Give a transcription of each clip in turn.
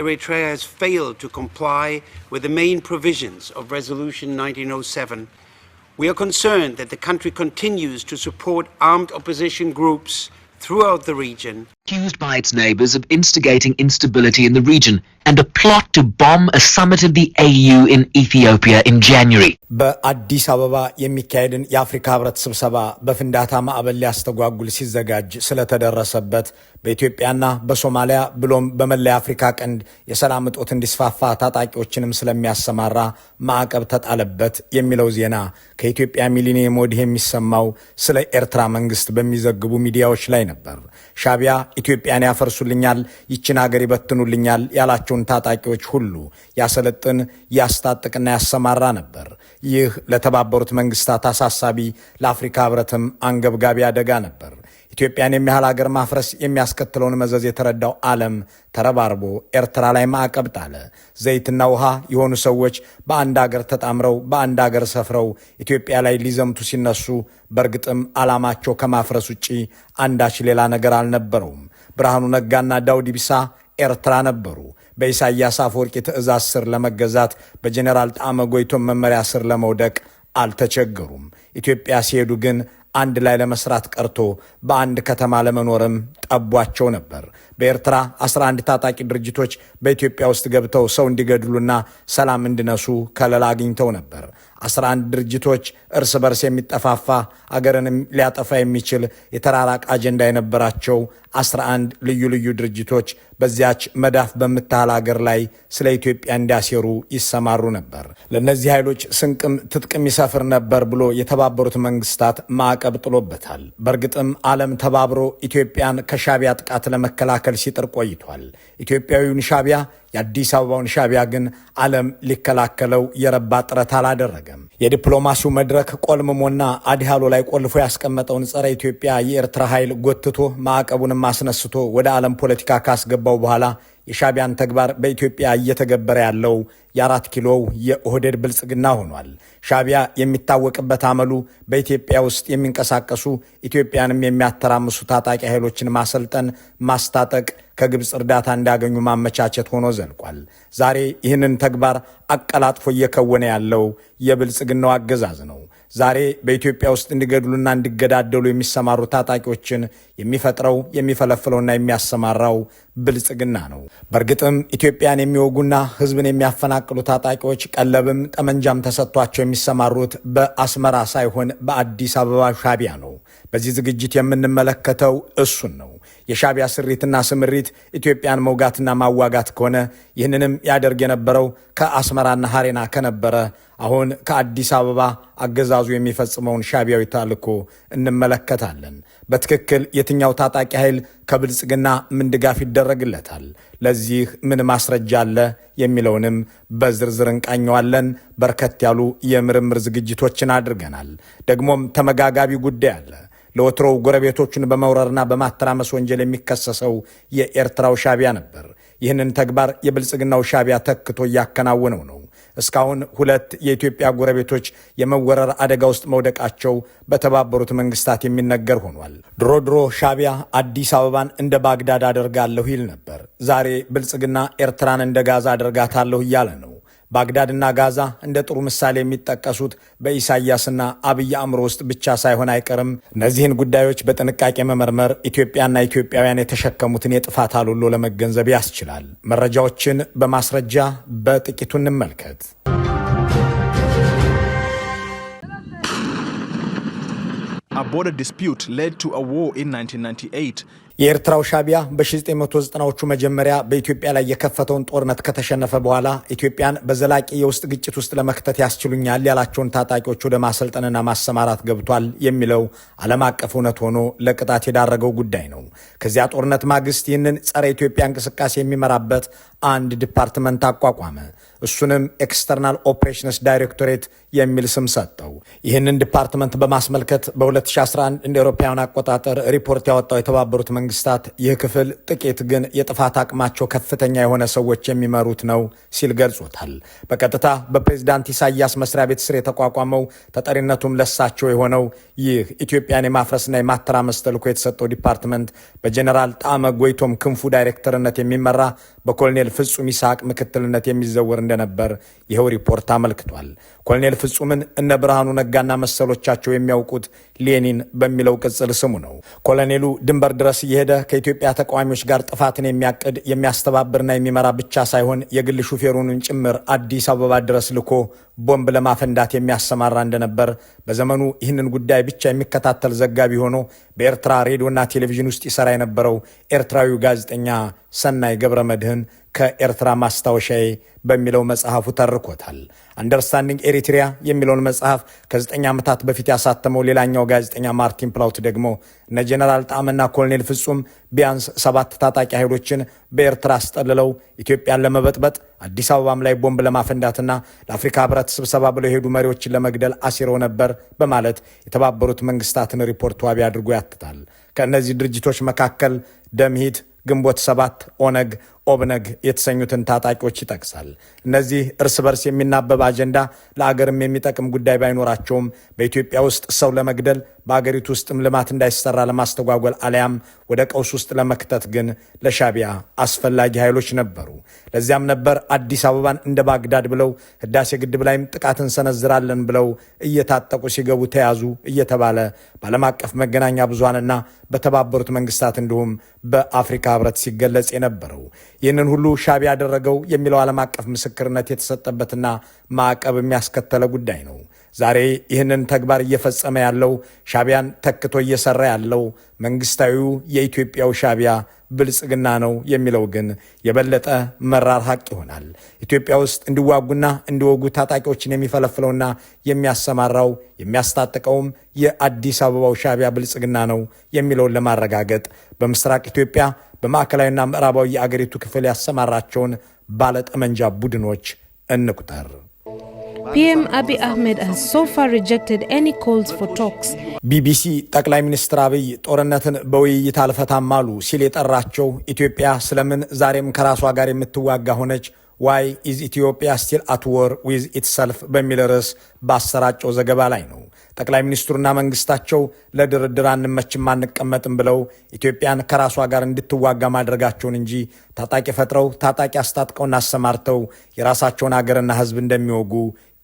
Eritrea has failed to comply with the main provisions of Resolution 1907, we are concerned that the country continues to support armed opposition groups throughout the region accused by its neighbors of instigating instability in the region and a plot to bomb a summit of the AU in Ethiopia in January. በአዲስ አበባ የሚካሄድን የአፍሪካ ህብረት ስብሰባ በፍንዳታ ማዕበል ሊያስተጓጉል ሲዘጋጅ ስለተደረሰበት በኢትዮጵያና በሶማሊያ ብሎም በመላ የአፍሪካ ቀንድ የሰላም እጦት እንዲስፋፋ ታጣቂዎችንም ስለሚያሰማራ ማዕቀብ ተጣለበት የሚለው ዜና ከኢትዮጵያ ሚሊኒየም ወዲህ የሚሰማው ስለ ኤርትራ መንግስት በሚዘግቡ ሚዲያዎች ላይ ነበር። ሻቢያ ኢትዮጵያን ያፈርሱልኛል፣ ይችን ሀገር ይበትኑልኛል ያላቸውን ታጣቂዎች ሁሉ ያሰለጥን፣ ያስታጥቅና ያሰማራ ነበር። ይህ ለተባበሩት መንግስታት አሳሳቢ፣ ለአፍሪካ ህብረትም አንገብጋቢ አደጋ ነበር። ኢትዮጵያን የሚያህል ሀገር ማፍረስ የሚያስከትለውን መዘዝ የተረዳው ዓለም ተረባርቦ ኤርትራ ላይ ማዕቀብ ጣለ። ዘይትና ውሃ የሆኑ ሰዎች በአንድ አገር ተጣምረው በአንድ አገር ሰፍረው ኢትዮጵያ ላይ ሊዘምቱ ሲነሱ በእርግጥም ዓላማቸው ከማፍረስ ውጪ አንዳች ሌላ ነገር አልነበረውም። ብርሃኑ ነጋና ዳውድ ኢብሳ ኤርትራ ነበሩ። በኢሳያስ አፈወርቂ ትእዛዝ ስር ለመገዛት በጀኔራል ጣመ ጎይቶም መመሪያ ስር ለመውደቅ አልተቸገሩም። ኢትዮጵያ ሲሄዱ ግን አንድ ላይ ለመስራት ቀርቶ በአንድ ከተማ ለመኖርም ጠቧቸው ነበር። በኤርትራ 11 ታጣቂ ድርጅቶች በኢትዮጵያ ውስጥ ገብተው ሰው እንዲገድሉና ሰላም እንዲነሱ ከለላ አግኝተው ነበር። 11 ድርጅቶች እርስ በርስ የሚጠፋፋ አገርን ሊያጠፋ የሚችል የተራራቅ አጀንዳ የነበራቸው 11 ልዩ ልዩ ድርጅቶች በዚያች መዳፍ በምታህል አገር ላይ ስለ ኢትዮጵያ እንዲያሴሩ ይሰማሩ ነበር። ለእነዚህ ኃይሎች ስንቅም ትጥቅም ይሰፍር ነበር ብሎ የተባበሩት መንግስታት ማዕቀብ ጥሎበታል። በእርግጥም ዓለም ተባብሮ ኢትዮጵያን ከሻቢያ ጥቃት ለመከላከል ሲጥር ቆይቷል። ኢትዮጵያዊውን ሻቢያ የአዲስ አበባውን ሻቢያ ግን ዓለም ሊከላከለው የረባ ጥረት አላደረገም። የዲፕሎማሲው መድረክ ቆልምሞና አዲሃሎ ላይ ቆልፎ ያስቀመጠውን ጸረ ኢትዮጵያ የኤርትራ ኃይል ጎትቶ ማዕቀቡንም አስነስቶ ወደ ዓለም ፖለቲካ ካስገባው በኋላ የሻቢያን ተግባር በኢትዮጵያ እየተገበረ ያለው የአራት ኪሎው የኦህዴድ ብልጽግና ሆኗል። ሻቢያ የሚታወቅበት አመሉ በኢትዮጵያ ውስጥ የሚንቀሳቀሱ ኢትዮጵያንም የሚያተራምሱ ታጣቂ ኃይሎችን ማሰልጠን፣ ማስታጠቅ ከግብፅ እርዳታ እንዲያገኙ ማመቻቸት ሆኖ ዘልቋል። ዛሬ ይህንን ተግባር አቀላጥፎ እየከወነ ያለው የብልጽግናው አገዛዝ ነው። ዛሬ በኢትዮጵያ ውስጥ እንዲገድሉና እንዲገዳደሉ የሚሰማሩ ታጣቂዎችን የሚፈጥረው የሚፈለፍለውና የሚያሰማራው ብልጽግና ነው። በእርግጥም ኢትዮጵያን የሚወጉና ሕዝብን የሚያፈናቅሉ ታጣቂዎች ቀለብም ጠመንጃም ተሰጥቷቸው የሚሰማሩት በአስመራ ሳይሆን በአዲስ አበባ ሻቢያ ነው። በዚህ ዝግጅት የምንመለከተው እሱን ነው። የሻቢያ ስሪትና ስምሪት ኢትዮጵያን መውጋትና ማዋጋት ከሆነ ይህንንም ያደርግ የነበረው ከአስመራና ሀሬና ከነበረ አሁን ከአዲስ አበባ አገዛዙ የሚፈጽመውን ሻቢያዊ ተልዕኮ እንመለከታለን። በትክክል የትኛው ታጣቂ ኃይል ከብልጽግና ምን ድጋፍ ይደረግለታል፣ ለዚህ ምን ማስረጃ አለ የሚለውንም በዝርዝር እንቃኘዋለን። በርከት ያሉ የምርምር ዝግጅቶችን አድርገናል። ደግሞም ተመጋጋቢ ጉዳይ አለ። ለወትሮው ጎረቤቶቹን በመውረርና በማተራመስ ወንጀል የሚከሰሰው የኤርትራው ሻቢያ ነበር። ይህንን ተግባር የብልጽግናው ሻቢያ ተክቶ እያከናወነው ነው። እስካሁን ሁለት የኢትዮጵያ ጎረቤቶች የመወረር አደጋ ውስጥ መውደቃቸው በተባበሩት መንግስታት የሚነገር ሆኗል። ድሮ ድሮ ሻቢያ አዲስ አበባን እንደ ባግዳድ አደርጋለሁ ይል ነበር። ዛሬ ብልጽግና ኤርትራን እንደ ጋዛ አደርጋታለሁ እያለ ነው። ባግዳድና ጋዛ እንደ ጥሩ ምሳሌ የሚጠቀሱት በኢሳያስና አብይ አእምሮ ውስጥ ብቻ ሳይሆን አይቀርም። እነዚህን ጉዳዮች በጥንቃቄ መመርመር ኢትዮጵያና ኢትዮጵያውያን የተሸከሙትን የጥፋት አሉሎ ለመገንዘብ ያስችላል። መረጃዎችን በማስረጃ በጥቂቱ እንመልከት። A border dispute led to a war in 1998 የኤርትራው ሻቢያ በ1990ዎቹ መጀመሪያ በኢትዮጵያ ላይ የከፈተውን ጦርነት ከተሸነፈ በኋላ ኢትዮጵያን በዘላቂ የውስጥ ግጭት ውስጥ ለመክተት ያስችሉኛል ያላቸውን ታጣቂዎች ወደ ማሰልጠንና ማሰማራት ገብቷል የሚለው ዓለም አቀፍ እውነት ሆኖ ለቅጣት የዳረገው ጉዳይ ነው። ከዚያ ጦርነት ማግስት ይህንን ጸረ ኢትዮጵያ እንቅስቃሴ የሚመራበት አንድ ዲፓርትመንት አቋቋመ። እሱንም ኤክስተርናል ኦፕሬሽንስ ዳይሬክቶሬት የሚል ስም ሰጠው። ይህንን ዲፓርትመንት በማስመልከት በ2011 እንደ አውሮፓውያን አቆጣጠር ሪፖርት ያወጣው የተባበሩት መንግስት መንግስታት ይህ ክፍል ጥቂት ግን የጥፋት አቅማቸው ከፍተኛ የሆነ ሰዎች የሚመሩት ነው ሲል ገልጾታል። በቀጥታ በፕሬዝዳንት ኢሳያስ መስሪያ ቤት ስር የተቋቋመው ተጠሪነቱም ለሳቸው የሆነው ይህ ኢትዮጵያን የማፍረስና የማተራመስ ተልዕኮ የተሰጠው ዲፓርትመንት በጀኔራል ጣመ ጎይቶም ክንፉ ዳይሬክተርነት የሚመራ በኮሎኔል ፍጹም ይስሐቅ ምክትልነት የሚዘወር እንደነበር ይኸው ሪፖርት አመልክቷል። ኮሎኔል ፍጹምን እነ ብርሃኑ ነጋና መሰሎቻቸው የሚያውቁት ሌኒን በሚለው ቅጽል ስሙ ነው። ኮሎኔሉ ድንበር ድረስ እየሄደ ከኢትዮጵያ ተቃዋሚዎች ጋር ጥፋትን የሚያቅድ የሚያስተባብርና የሚመራ ብቻ ሳይሆን የግል ሹፌሩንን ጭምር አዲስ አበባ ድረስ ልኮ ቦምብ ለማፈንዳት የሚያሰማራ እንደነበር በዘመኑ ይህንን ጉዳይ ብቻ የሚከታተል ዘጋቢ ሆኖ በኤርትራ ሬዲዮና ቴሌቪዥን ውስጥ ይሰራ የነበረው ኤርትራዊው ጋዜጠኛ ሰናይ ገብረ መድህን ከኤርትራ ማስታወሻዬ በሚለው መጽሐፉ ተርኮታል። አንደርስታንዲንግ ኤሪትሪያ የሚለውን መጽሐፍ ከዘጠኝ ዓመታት በፊት ያሳተመው ሌላኛው ጋዜጠኛ ማርቲን ፕላውት ደግሞ እነ ጄኔራል ጣዕምና ኮሎኔል ፍጹም ቢያንስ ሰባት ታጣቂ ኃይሎችን በኤርትራ አስጠልለው ኢትዮጵያን ለመበጥበጥ አዲስ አበባም ላይ ቦምብ ለማፈንዳትና ለአፍሪካ ህብረት ስብሰባ ብለው የሄዱ መሪዎችን ለመግደል አሲረው ነበር በማለት የተባበሩት መንግስታትን ሪፖርት ዋቢ አድርጎ ያትታል። ከእነዚህ ድርጅቶች መካከል ደምሂት ግንቦት ሰባት ኦነግ ኦብነግ የተሰኙትን ታጣቂዎች ይጠቅሳል። እነዚህ እርስ በርስ የሚናበብ አጀንዳ ለአገርም የሚጠቅም ጉዳይ ባይኖራቸውም በኢትዮጵያ ውስጥ ሰው ለመግደል በአገሪቱ ውስጥም ልማት እንዳይሰራ ለማስተጓጎል አሊያም ወደ ቀውስ ውስጥ ለመክተት ግን ለሻቢያ አስፈላጊ ኃይሎች ነበሩ። ለዚያም ነበር አዲስ አበባን እንደ ባግዳድ ብለው ህዳሴ ግድብ ላይም ጥቃት እንሰነዝራለን ብለው እየታጠቁ ሲገቡ ተያዙ እየተባለ በዓለም አቀፍ መገናኛ ብዙሃንና በተባበሩት መንግስታት እንዲሁም በአፍሪካ ህብረት ሲገለጽ የነበረው ይህንን ሁሉ ሻቢያ ያደረገው የሚለው ዓለም አቀፍ ምስክርነት የተሰጠበትና ማዕቀብ የሚያስከተለ ጉዳይ ነው። ዛሬ ይህንን ተግባር እየፈጸመ ያለው ሻቢያን ተክቶ እየሰራ ያለው መንግስታዊው የኢትዮጵያው ሻቢያ ብልጽግና ነው የሚለው ግን የበለጠ መራር ሀቅ ይሆናል። ኢትዮጵያ ውስጥ እንዲዋጉና እንዲወጉ ታጣቂዎችን የሚፈለፍለውና የሚያሰማራው የሚያስታጥቀውም የአዲስ አበባው ሻቢያ ብልጽግና ነው የሚለውን ለማረጋገጥ በምስራቅ ኢትዮጵያ በማዕከላዊና ምዕራባዊ የአገሪቱ ክፍል ያሰማራቸውን ባለጠመንጃ ቡድኖች እንቁጠር። PM አቢይ አህመድ has so far rejected any calls for talks. ቢቢሲ ጠቅላይ ሚኒስትር አብይ ጦርነትን በውይይት አልፈታም አሉ ሲል የጠራቸው ኢትዮጵያ ስለምን ዛሬም ከራሷ ጋር የምትዋጋ ሆነች ዋይ ኢዝ ኢትዮጵያ ስቲል አት ወር ዊዝ ኢትሰልፍ በሚል ርዕስ ባሰራጨው ዘገባ ላይ ነው። ጠቅላይ ሚኒስትሩና መንግስታቸው ለድርድር አንመችም አንቀመጥም ብለው ኢትዮጵያን ከራሷ ጋር እንድትዋጋ ማድረጋቸውን እንጂ ታጣቂ ፈጥረው ታጣቂ አስታጥቀውና አሰማርተው የራሳቸውን አገርና ሕዝብ እንደሚወጉ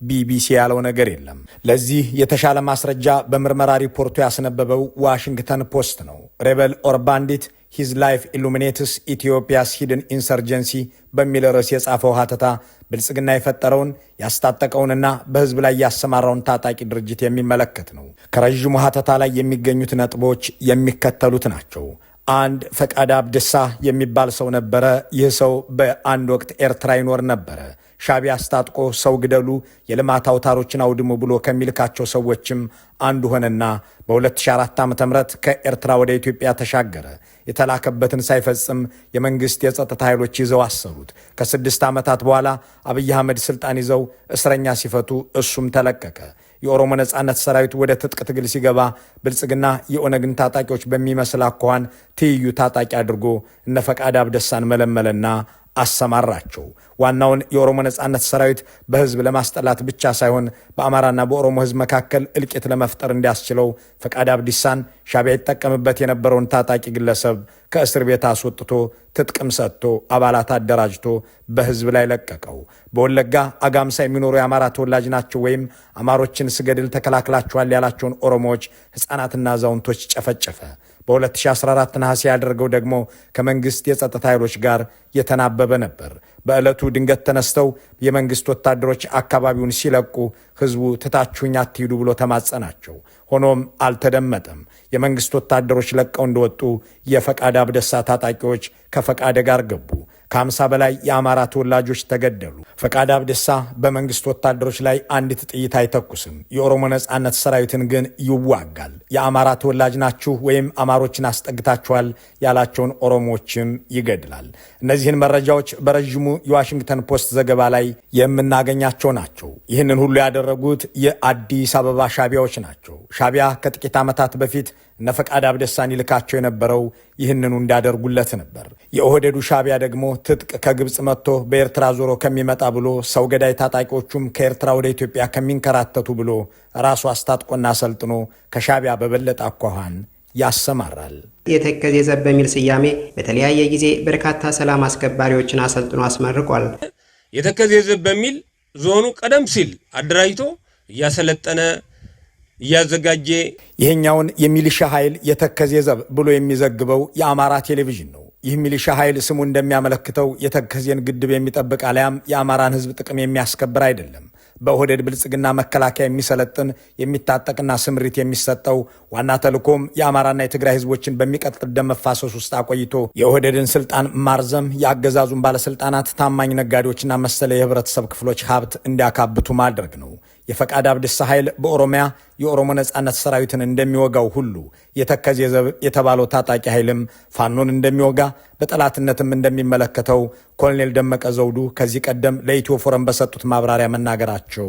ቢቢሲ ያለው ነገር የለም። ለዚህ የተሻለ ማስረጃ በምርመራ ሪፖርቱ ያስነበበው ዋሽንግተን ፖስት ነው። ሬበል ኦር ባንዲት ሂዝ ላይፍ ኢሉሚኔትስ ኢትዮጵያስ ሂድን ኢንሰርጀንሲ በሚል ርዕስ የጻፈው ሀተታ ብልጽግና የፈጠረውን ያስታጠቀውንና በህዝብ ላይ ያሰማራውን ታጣቂ ድርጅት የሚመለከት ነው። ከረዥሙ ሀተታ ላይ የሚገኙት ነጥቦች የሚከተሉት ናቸው። አንድ ፈቃድ አብድሳ የሚባል ሰው ነበረ። ይህ ሰው በአንድ ወቅት ኤርትራ ይኖር ነበረ። ሻቢያ አስታጥቆ ሰው ግደሉ፣ የልማት አውታሮችን አውድሙ ብሎ ከሚልካቸው ሰዎችም አንዱ ሆነና በ2004 ዓ ም ከኤርትራ ወደ ኢትዮጵያ ተሻገረ። የተላከበትን ሳይፈጽም የመንግሥት የጸጥታ ኃይሎች ይዘው አሰሩት። ከስድስት ዓመታት በኋላ አብይ አህመድ ስልጣን ይዘው እስረኛ ሲፈቱ እሱም ተለቀቀ። የኦሮሞ ነጻነት ሰራዊት ወደ ትጥቅ ትግል ሲገባ ብልጽግና የኦነግን ታጣቂዎች በሚመስል አኳኋን ትይዩ ታጣቂ አድርጎ እነ ፈቃድ አብደሳን መለመለና አሰማራቸው። ዋናውን የኦሮሞ ነጻነት ሰራዊት በህዝብ ለማስጠላት ብቻ ሳይሆን በአማራና በኦሮሞ ህዝብ መካከል እልቂት ለመፍጠር እንዲያስችለው ፈቃድ አብዲሳን ሻቢያ ይጠቀምበት የነበረውን ታጣቂ ግለሰብ ከእስር ቤት አስወጥቶ ትጥቅም ሰጥቶ አባላት አደራጅቶ በህዝብ ላይ ለቀቀው። በወለጋ አጋምሳ የሚኖሩ የአማራ ተወላጅ ናቸው ወይም አማሮችን ስገድል ተከላክላችኋል ያላቸውን ኦሮሞዎች ህፃናትና አዛውንቶች ጨፈጨፈ። በ2014 ነሐሴ ያደረገው ደግሞ ከመንግስት የጸጥታ ኃይሎች ጋር የተናበበ ነበር። በዕለቱ ድንገት ተነስተው የመንግስት ወታደሮች አካባቢውን ሲለቁ ህዝቡ ትታችሁኝ አትሂዱ ብሎ ተማጸናቸው። ሆኖም አልተደመጠም። የመንግስት ወታደሮች ለቀው እንደወጡ የፈቃድ አብደሳ ታጣቂዎች ከፈቃደ ጋር ገቡ። ከአምሳ በላይ የአማራ ተወላጆች ተገደሉ። ፈቃድ አብደሳ በመንግስት ወታደሮች ላይ አንዲት ጥይት አይተኩስም። የኦሮሞ ነጻነት ሰራዊትን ግን ይዋጋል። የአማራ ተወላጅ ናችሁ ወይም አማሮችን አስጠግታችኋል ያላቸውን ኦሮሞዎችም ይገድላል። እነዚህን መረጃዎች በረዥሙ የዋሽንግተን ፖስት ዘገባ ላይ የምናገኛቸው ናቸው። ይህንን ሁሉ ያደረጉት የአዲስ አበባ ሻቢያዎች ናቸው። ሻቢያ ከጥቂት ዓመታት በፊት እነ ፈቃድ አብደሳን ይልካቸው የነበረው ይህንኑ እንዳደርጉለት ነበር። የኦህዴዱ ሻቢያ ደግሞ ትጥቅ ከግብፅ መጥቶ በኤርትራ ዞሮ ከሚመጣ ብሎ ሰው ገዳይ ታጣቂዎቹም ከኤርትራ ወደ ኢትዮጵያ ከሚንከራተቱ ብሎ ራሱ አስታጥቆና አሰልጥኖ ከሻቢያ በበለጠ አኳኋን ያሰማራል። የተከዜ ዘብ በሚል ስያሜ በተለያየ ጊዜ በርካታ ሰላም አስከባሪዎችን አሰልጥኖ አስመርቋል። የተከዜ ዘብ በሚል ዞኑ ቀደም ሲል አደራጅቶ እያሰለጠነ እያዘጋጀ ይሄኛውን የሚሊሻ ኃይል የተከዜ ዘብ ብሎ የሚዘግበው የአማራ ቴሌቪዥን ነው። ይህ ሚሊሻ ኃይል ስሙ እንደሚያመለክተው የተከዜን ግድብ የሚጠብቅ አሊያም የአማራን ህዝብ ጥቅም የሚያስከብር አይደለም። በኦህዴድ ብልጽግና መከላከያ የሚሰለጥን የሚታጠቅና ስምሪት የሚሰጠው ዋና ተልእኮም የአማራና የትግራይ ህዝቦችን በሚቀጥል ደም መፋሰስ ውስጥ አቆይቶ የኦህዴድን ስልጣን ማርዘም፣ የአገዛዙን ባለስልጣናት፣ ታማኝ ነጋዴዎችና መሰለ የህብረተሰብ ክፍሎች ሀብት እንዲያካብቱ ማድረግ ነው። የፈቃድ አብድስ ኃይል በኦሮሚያ የኦሮሞ ነጻነት ሰራዊትን እንደሚወጋው ሁሉ የተከዝ የዘብ የተባለው ታጣቂ ኃይልም ፋኖን እንደሚወጋ በጠላትነትም እንደሚመለከተው ኮሎኔል ደመቀ ዘውዱ ከዚህ ቀደም ለኢትዮ ፎረም በሰጡት ማብራሪያ መናገራቸው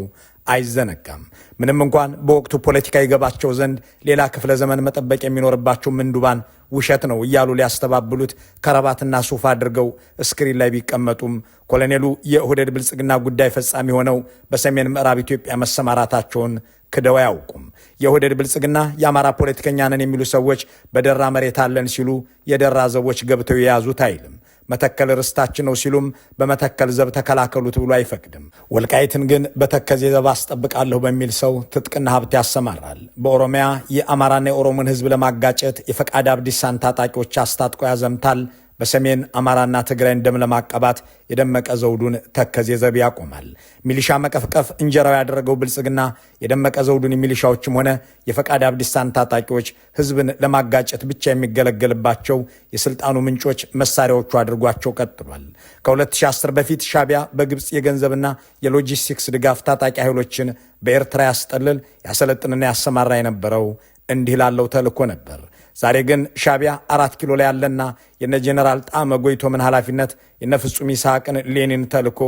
አይዘነጋም። ምንም እንኳን በወቅቱ ፖለቲካ ይገባቸው ዘንድ ሌላ ክፍለ ዘመን መጠበቅ የሚኖርባቸው ምንዱባን ውሸት ነው እያሉ ሊያስተባብሉት ከረባትና ሱፍ አድርገው እስክሪን ላይ ቢቀመጡም ኮሎኔሉ የእሁደድ ብልጽግና ጉዳይ ፈጻሚ ሆነው በሰሜን ምዕራብ ኢትዮጵያ መሰማራታቸውን ክደው አያውቁም። የእሁደድ ብልጽግና የአማራ ፖለቲከኛ ነን የሚሉ ሰዎች በደራ መሬት አለን ሲሉ የደራ ዘቦች ገብተው የያዙት አይልም። መተከል ርስታችን ነው ሲሉም በመተከል ዘብ ተከላከሉት ብሎ አይፈቅድም። ወልቃይትን ግን በተከዜ ዘብ አስጠብቃለሁ በሚል ሰው ትጥቅና ሀብት ያሰማራል። በኦሮሚያ የአማራና የኦሮሞን ህዝብ ለማጋጨት የፈቃድ አብዲሳን ታጣቂዎች አስታጥቆ ያዘምታል። በሰሜን አማራና ትግራይን ደም ለማቀባት የደመቀ ዘውዱን ተከዜ ዘብ ያቆማል። ሚሊሻ መቀፍቀፍ እንጀራው ያደረገው ብልጽግና የደመቀ ዘውዱን የሚሊሻዎችም ሆነ የፈቃድ አብዲሳን ታጣቂዎች ህዝብን ለማጋጨት ብቻ የሚገለገልባቸው የስልጣኑ ምንጮች መሳሪያዎቹ አድርጓቸው ቀጥሏል። ከ2010 በፊት ሻቢያ በግብፅ የገንዘብና የሎጂስቲክስ ድጋፍ ታጣቂ ኃይሎችን በኤርትራ ያስጠልል ያሰለጥንና ያሰማራ የነበረው እንዲህ ላለው ተልኮ ነበር። ዛሬ ግን ሻቢያ አራት ኪሎ ላይ ያለና የነ ጄኔራል ጣመ ጎይቶምን ኃላፊነት የነ ፍጹም ይስሐቅን ሌኒን ተልኮ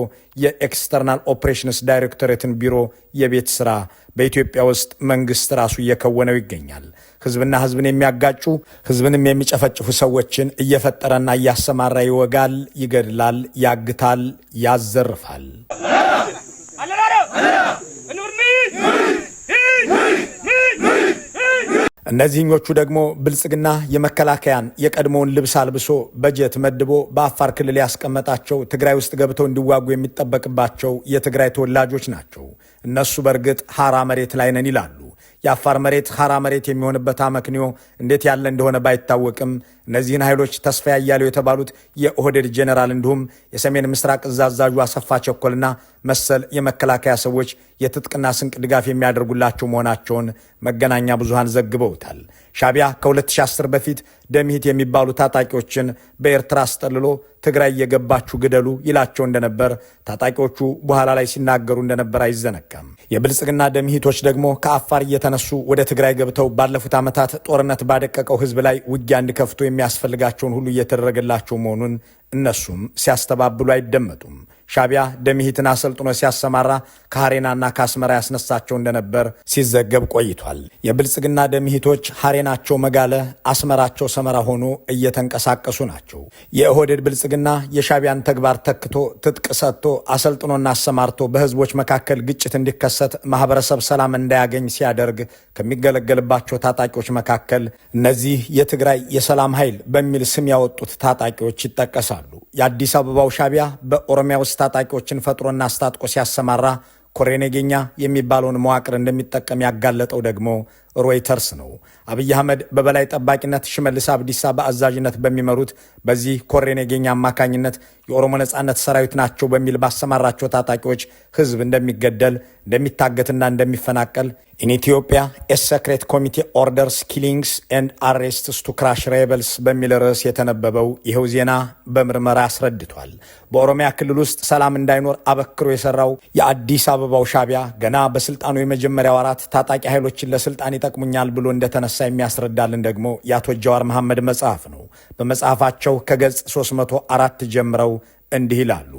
የኤክስተርናል ኦፕሬሽንስ ዳይሬክቶሬትን ቢሮ የቤት ስራ በኢትዮጵያ ውስጥ መንግስት ራሱ እየከወነው ይገኛል። ህዝብና ህዝብን የሚያጋጩ ህዝብንም የሚጨፈጭፉ ሰዎችን እየፈጠረና እያሰማራ ይወጋል፣ ይገድላል፣ ያግታል፣ ያዘርፋል። እነዚህኞቹ ደግሞ ብልጽግና የመከላከያን የቀድሞውን ልብስ አልብሶ በጀት መድቦ በአፋር ክልል ያስቀመጣቸው ትግራይ ውስጥ ገብተው እንዲዋጉ የሚጠበቅባቸው የትግራይ ተወላጆች ናቸው። እነሱ በእርግጥ ሐራ መሬት ላይ ነን ይላሉ። የአፋር መሬት ሐራ መሬት የሚሆንበት አመክንዮ እንዴት ያለ እንደሆነ ባይታወቅም እነዚህን ኃይሎች ተስፋ ያያሉ የተባሉት የኦህዴድ ጄኔራል እንዲሁም የሰሜን ምስራቅ እዝ አዛዡ አሰፋ ቸኮልና መሰል የመከላከያ ሰዎች የትጥቅና ስንቅ ድጋፍ የሚያደርጉላቸው መሆናቸውን መገናኛ ብዙሃን ዘግበውታል። ሻቢያ ከ2010 በፊት ደምሂት የሚባሉ ታጣቂዎችን በኤርትራ አስጠልሎ ትግራይ እየገባችሁ ግደሉ ይላቸው እንደነበር ታጣቂዎቹ በኋላ ላይ ሲናገሩ እንደነበር አይዘነጋም። የብልጽግና ደምሂቶች ደግሞ ከአፋር እየተ ከተነሱ ወደ ትግራይ ገብተው ባለፉት ዓመታት ጦርነት ባደቀቀው ህዝብ ላይ ውጊያ እንዲከፍቱ የሚያስፈልጋቸውን ሁሉ እየተደረገላቸው መሆኑን እነሱም ሲያስተባብሉ አይደመጡም። ሻቢያ ደምሂትን አሰልጥኖ ሲያሰማራ ከሐሬናና ከአስመራ ያስነሳቸው እንደነበር ሲዘገብ ቆይቷል። የብልጽግና ደምሂቶች ሐሬናቸው መጋለ፣ አስመራቸው ሰመራ ሆኖ እየተንቀሳቀሱ ናቸው። የኦህዴድ ብልጽግና የሻቢያን ተግባር ተክቶ ትጥቅ ሰጥቶ አሰልጥኖና አሰማርቶ በህዝቦች መካከል ግጭት እንዲከሰት ማህበረሰብ ሰላም እንዳያገኝ ሲያደርግ ከሚገለገልባቸው ታጣቂዎች መካከል እነዚህ የትግራይ የሰላም ኃይል በሚል ስም ያወጡት ታጣቂዎች ይጠቀሳሉ። የአዲስ አበባው ሻቢያ በኦሮሚያ ውስጥ ታጣቂዎችን ፈጥሮና አስታጥቆ ሲያሰማራ ኮሬኔጌኛ የሚባለውን መዋቅር እንደሚጠቀም ያጋለጠው ደግሞ ሮይተርስ ነው። አብይ አህመድ በበላይ ጠባቂነት ሽመልስ አብዲሳ በአዛዥነት በሚመሩት በዚህ ኮሬን ነገኛ አማካኝነት የኦሮሞ ነጻነት ሰራዊት ናቸው በሚል ባሰማራቸው ታጣቂዎች ህዝብ እንደሚገደል እንደሚታገትና እንደሚፈናቀል ኢን ኢትዮጵያ ኤ ሰክሬት ኮሚቴ ኦርደርስ ኪሊንግስ ኤንድ አሬስትስ ቱ ክራሽ ሬበልስ በሚል ርዕስ የተነበበው ይኸው ዜና በምርመራ አስረድቷል። በኦሮሚያ ክልል ውስጥ ሰላም እንዳይኖር አበክሮ የሰራው የአዲስ አበባው ሻቢያ ገና በስልጣኑ የመጀመሪያ ወራት ታጣቂ ኃይሎችን ለስልጣን ይጠቅሙኛል ብሎ እንደተነሳ የሚያስረዳልን ደግሞ የአቶ ጀዋር መሐመድ መጽሐፍ ነው። በመጽሐፋቸው ከገጽ 304 ጀምረው እንዲህ ይላሉ።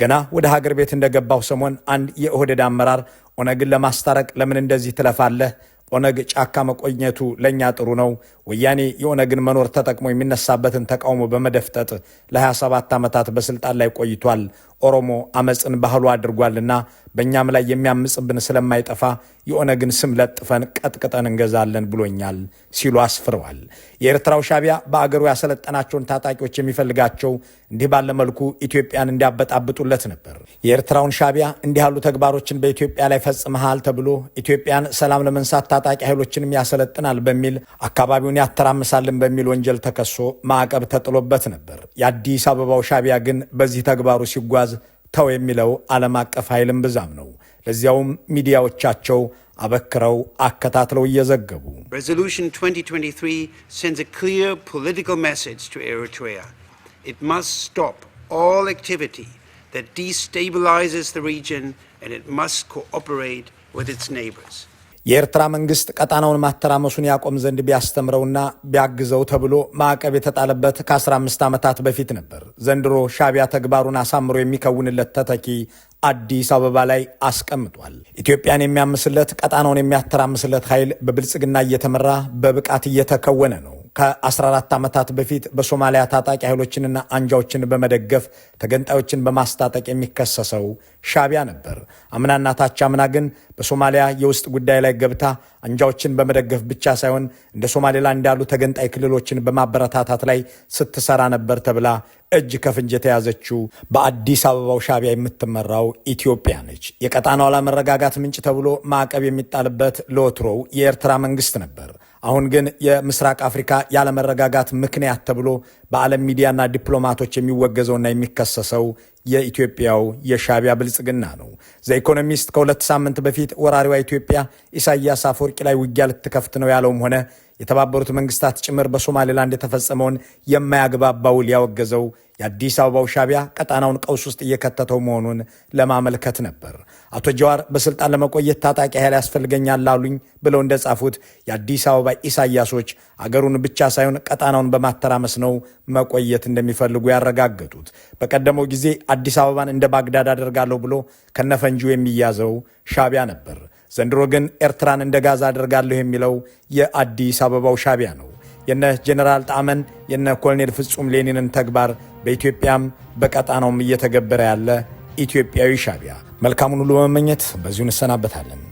ገና ወደ ሀገር ቤት እንደገባው ሰሞን አንድ የኦህደድ አመራር ኦነግን ለማስታረቅ ለምን እንደዚህ ትለፋለህ? ኦነግ ጫካ መቆኘቱ ለእኛ ጥሩ ነው። ወያኔ የኦነግን መኖር ተጠቅሞ የሚነሳበትን ተቃውሞ በመደፍጠጥ ለ27 ዓመታት በስልጣን ላይ ቆይቷል። ኦሮሞ አመፅን ባህሉ አድርጓልና በእኛም ላይ የሚያምጽብን ስለማይጠፋ የኦነግን ስም ለጥፈን ቀጥቅጠን እንገዛለን ብሎኛል ሲሉ አስፍረዋል። የኤርትራው ሻቢያ በአገሩ ያሰለጠናቸውን ታጣቂዎች የሚፈልጋቸው እንዲህ ባለ መልኩ ኢትዮጵያን እንዲያበጣብጡለት ነበር። የኤርትራውን ሻቢያ እንዲህ ያሉ ተግባሮችን በኢትዮጵያ ላይ ፈጽመሃል ተብሎ ኢትዮጵያን ሰላም ለመንሳት ታጣቂ ኃይሎችንም ያሰለጥናል በሚል አካባቢውን ያተራምሳልን በሚል ወንጀል ተከሶ ማዕቀብ ተጥሎበት ነበር። የአዲስ አበባው ሻቢያ ግን በዚህ ተግባሩ ሲጓዝ Resolution 2023 sends a clear political message to Eritrea. It must stop all activity that destabilizes the region and it must cooperate with its neighbors. የኤርትራ መንግስት ቀጣናውን ማተራመሱን ያቆም ዘንድ ቢያስተምረውና ቢያግዘው ተብሎ ማዕቀብ የተጣለበት ከ15 ዓመታት በፊት ነበር። ዘንድሮ ሻቢያ ተግባሩን አሳምሮ የሚከውንለት ተተኪ አዲስ አበባ ላይ አስቀምጧል። ኢትዮጵያን የሚያምስለት ቀጣናውን የሚያተራምስለት ኃይል በብልጽግና እየተመራ በብቃት እየተከወነ ነው። ከ14 ዓመታት በፊት በሶማሊያ ታጣቂ ኃይሎችንና አንጃዎችን በመደገፍ ተገንጣዮችን በማስታጠቅ የሚከሰሰው ሻቢያ ነበር። አምናና ታች አምና ግን በሶማሊያ የውስጥ ጉዳይ ላይ ገብታ አንጃዎችን በመደገፍ ብቻ ሳይሆን እንደ ሶማሌላንድ ያሉ ተገንጣይ ክልሎችን በማበረታታት ላይ ስትሰራ ነበር ተብላ እጅ ከፍንጅ የተያዘችው በአዲስ አበባው ሻቢያ የምትመራው ኢትዮጵያ ነች። የቀጣናው አለመረጋጋት ምንጭ ተብሎ ማዕቀብ የሚጣልበት ለወትሮው የኤርትራ መንግስት ነበር። አሁን ግን የምስራቅ አፍሪካ ያለመረጋጋት ምክንያት ተብሎ በዓለም ሚዲያና ዲፕሎማቶች የሚወገዘውና የሚከሰሰው የኢትዮጵያው የሻቢያ ብልጽግና ነው። ዘኢኮኖሚስት ከሁለት ሳምንት በፊት ወራሪዋ ኢትዮጵያ ኢሳያስ አፈወርቂ ላይ ውጊያ ልትከፍት ነው ያለውም ሆነ የተባበሩት መንግስታት ጭምር በሶማሌላንድ የተፈጸመውን የማያግባባ ውል ያወገዘው የአዲስ አበባው ሻቢያ ቀጣናውን ቀውስ ውስጥ እየከተተው መሆኑን ለማመልከት ነበር። አቶ ጀዋር በስልጣን ለመቆየት ታጣቂ ኃይል ያስፈልገኛል ላሉኝ ብለው እንደጻፉት የአዲስ አበባ ኢሳያሶች አገሩን ብቻ ሳይሆን ቀጣናውን በማተራመስ ነው መቆየት እንደሚፈልጉ ያረጋገጡት። በቀደመው ጊዜ አዲስ አበባን እንደ ባግዳድ አደርጋለሁ ብሎ ከነፈንጂው የሚያዘው ሻቢያ ነበር። ዘንድሮ ግን ኤርትራን እንደ ጋዛ አደርጋለሁ የሚለው የአዲስ አበባው ሻቢያ ነው። የነ ጄኔራል ጣመን የነ ኮሎኔል ፍጹም ሌኒንን ተግባር በኢትዮጵያም በቀጣናውም እየተገበረ ያለ ኢትዮጵያዊ ሻቢያ። መልካሙን ሁሉ በመመኘት በዚሁ እንሰናበታለን።